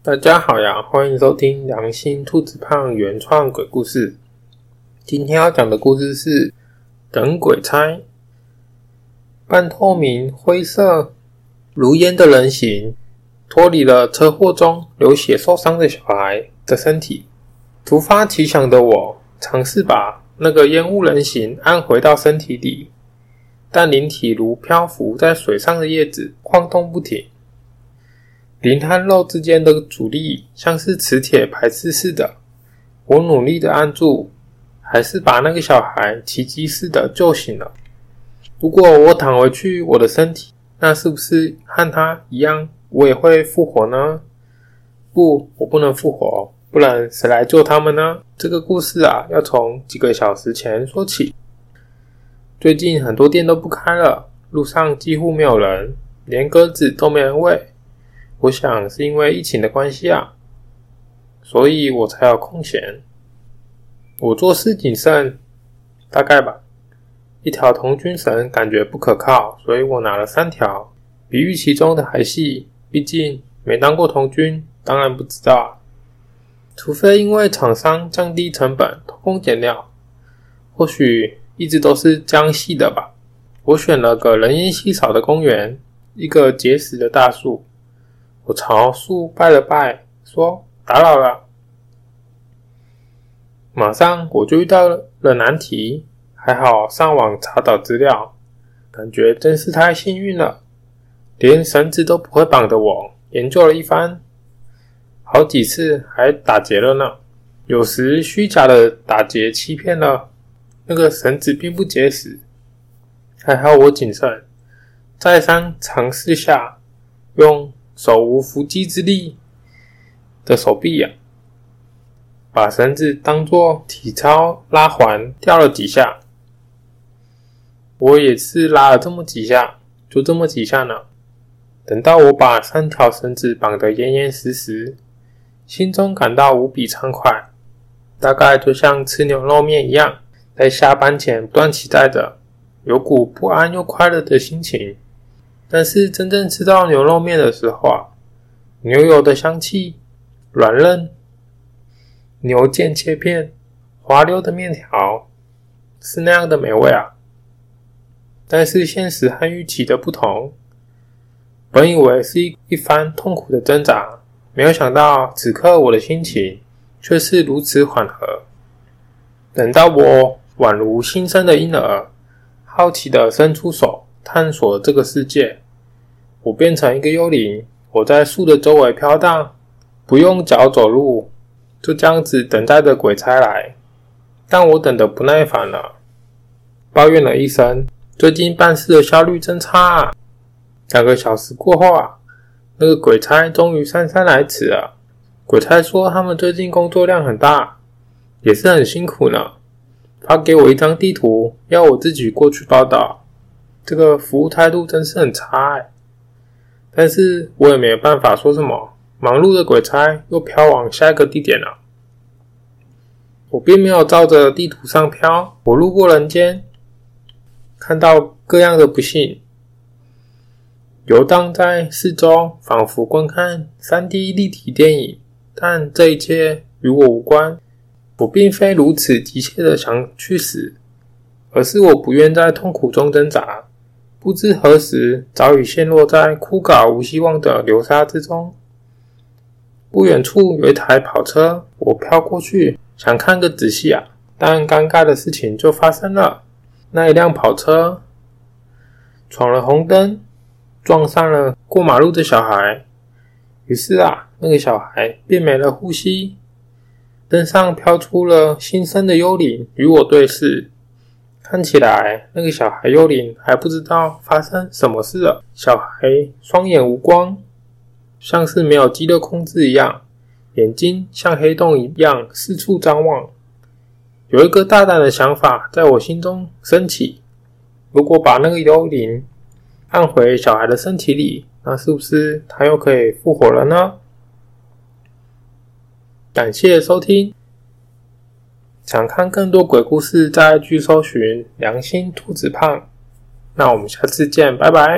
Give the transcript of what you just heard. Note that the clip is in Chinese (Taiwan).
大家好呀，歡迎收聽《良心兔子胖》原創鬼故事。今天要講的故事是等鬼差。半透明、灰色、如煙的人形脫離了車禍中流血受傷的小孩的身體。突發奇想的我，嘗試把那個煙霧人形按回到身體裡，但靈體如漂浮在水上的葉子，晃動不停。靈和肉之間的阻力像是磁鐵排斥似的。我努力的按住，還是把那個小孩奇蹟似的救醒了。如果我躺回去，我的身體，那是不是和他一樣，我也會復活呢？不，我不能復活，不然誰來救他們呢？這個故事啊，要從幾個小時前說起。最近很多店都不開了，路上幾乎沒有人，連鴿子都沒人餵。我想是因為疫情的關係啊，所以我才有空閒。我做事謹慎，大概吧。一條童軍繩感覺不可靠，所以我拿了三條，比預期中的還細。畢竟沒當過童軍，當然不知道。除非因為廠商降低成本、偷工減料，或許一直都是江細的吧。我選了個人煙稀少的公園，一個結實的大樹。我朝樹拜了拜，說：“打擾了。”馬上我就遇到了難題，還好上網查找資料，感覺真是太幸運了。連繩子都不會綁的我，研究了一番，好幾次還打結了呢。有時虛假的打結欺騙了，那個繩子並不結實。還好我謹慎，再三嘗試下，用。手無縛雞之力的手臂呀、啊，把繩子當作體操拉環，吊了幾下。我也是拉了這麼幾下，就這麼幾下呢。等到我把三條繩子綁得嚴嚴實實，心中感到無比暢快，大概就像吃牛肉麵一樣，在下班前不斷期待著，有股不安又快樂的心情。但是真正吃到牛肉麵的時候啊，牛油的香氣、軟嫩、牛腱切片、滑溜的麵條，是那樣的美味啊！但是現實和預期的不同，本以為是一一番痛苦的掙扎，沒有想到此刻我的心情卻是如此緩和，等到我宛如新生的嬰兒，好奇的伸出手。探索了這個世界，我變成一個幽靈，我在樹的周圍飄蕩，不用腳走路，就這樣子等待着鬼差來。但我等得不耐煩了，抱怨了一聲：“最近辦事的效率真差啊。”兩個小時過後啊，那個鬼差終於姍姍來遲了。鬼差說：“他們最近工作量很大，也是很辛苦呢。”他給我一張地圖，要我自己過去報道。這個服務態度真是很差哎，但是我也沒有辦法說什麼。忙碌的鬼差又飄往下一個地點了。我並沒有照着地圖上飄，我路過人間，看到各樣的不幸，遊蕩在四周，仿佛觀看 3D 立體電影。但這一切與我無關。我並非如此急切地想去死，而是我不願在痛苦中掙扎。不知何時，早已陷落在枯槁無希望的流沙之中。不遠處有一台跑車，我飄過去想看個仔細啊，但尷尬的事情就發生了。那一輛跑車闖了紅燈，撞上了過馬路的小孩，於是啊，那個小孩便沒了呼吸。身上飄出了新生的幽靈，與我對視。看起來那個小孩幽靈還不知道發生什麼事了。小孩雙眼無光，像是沒有肌肉控制一樣，眼睛像黑洞一樣四處張望。有一個大膽的想法在我心中升起，如果把那個幽靈按回小孩的身體裡，那是不是他又可以復活了呢？感謝收聽。想看更多鬼故事，在 IG 搜尋“良心兔子胖”。那我們下次見，拜拜。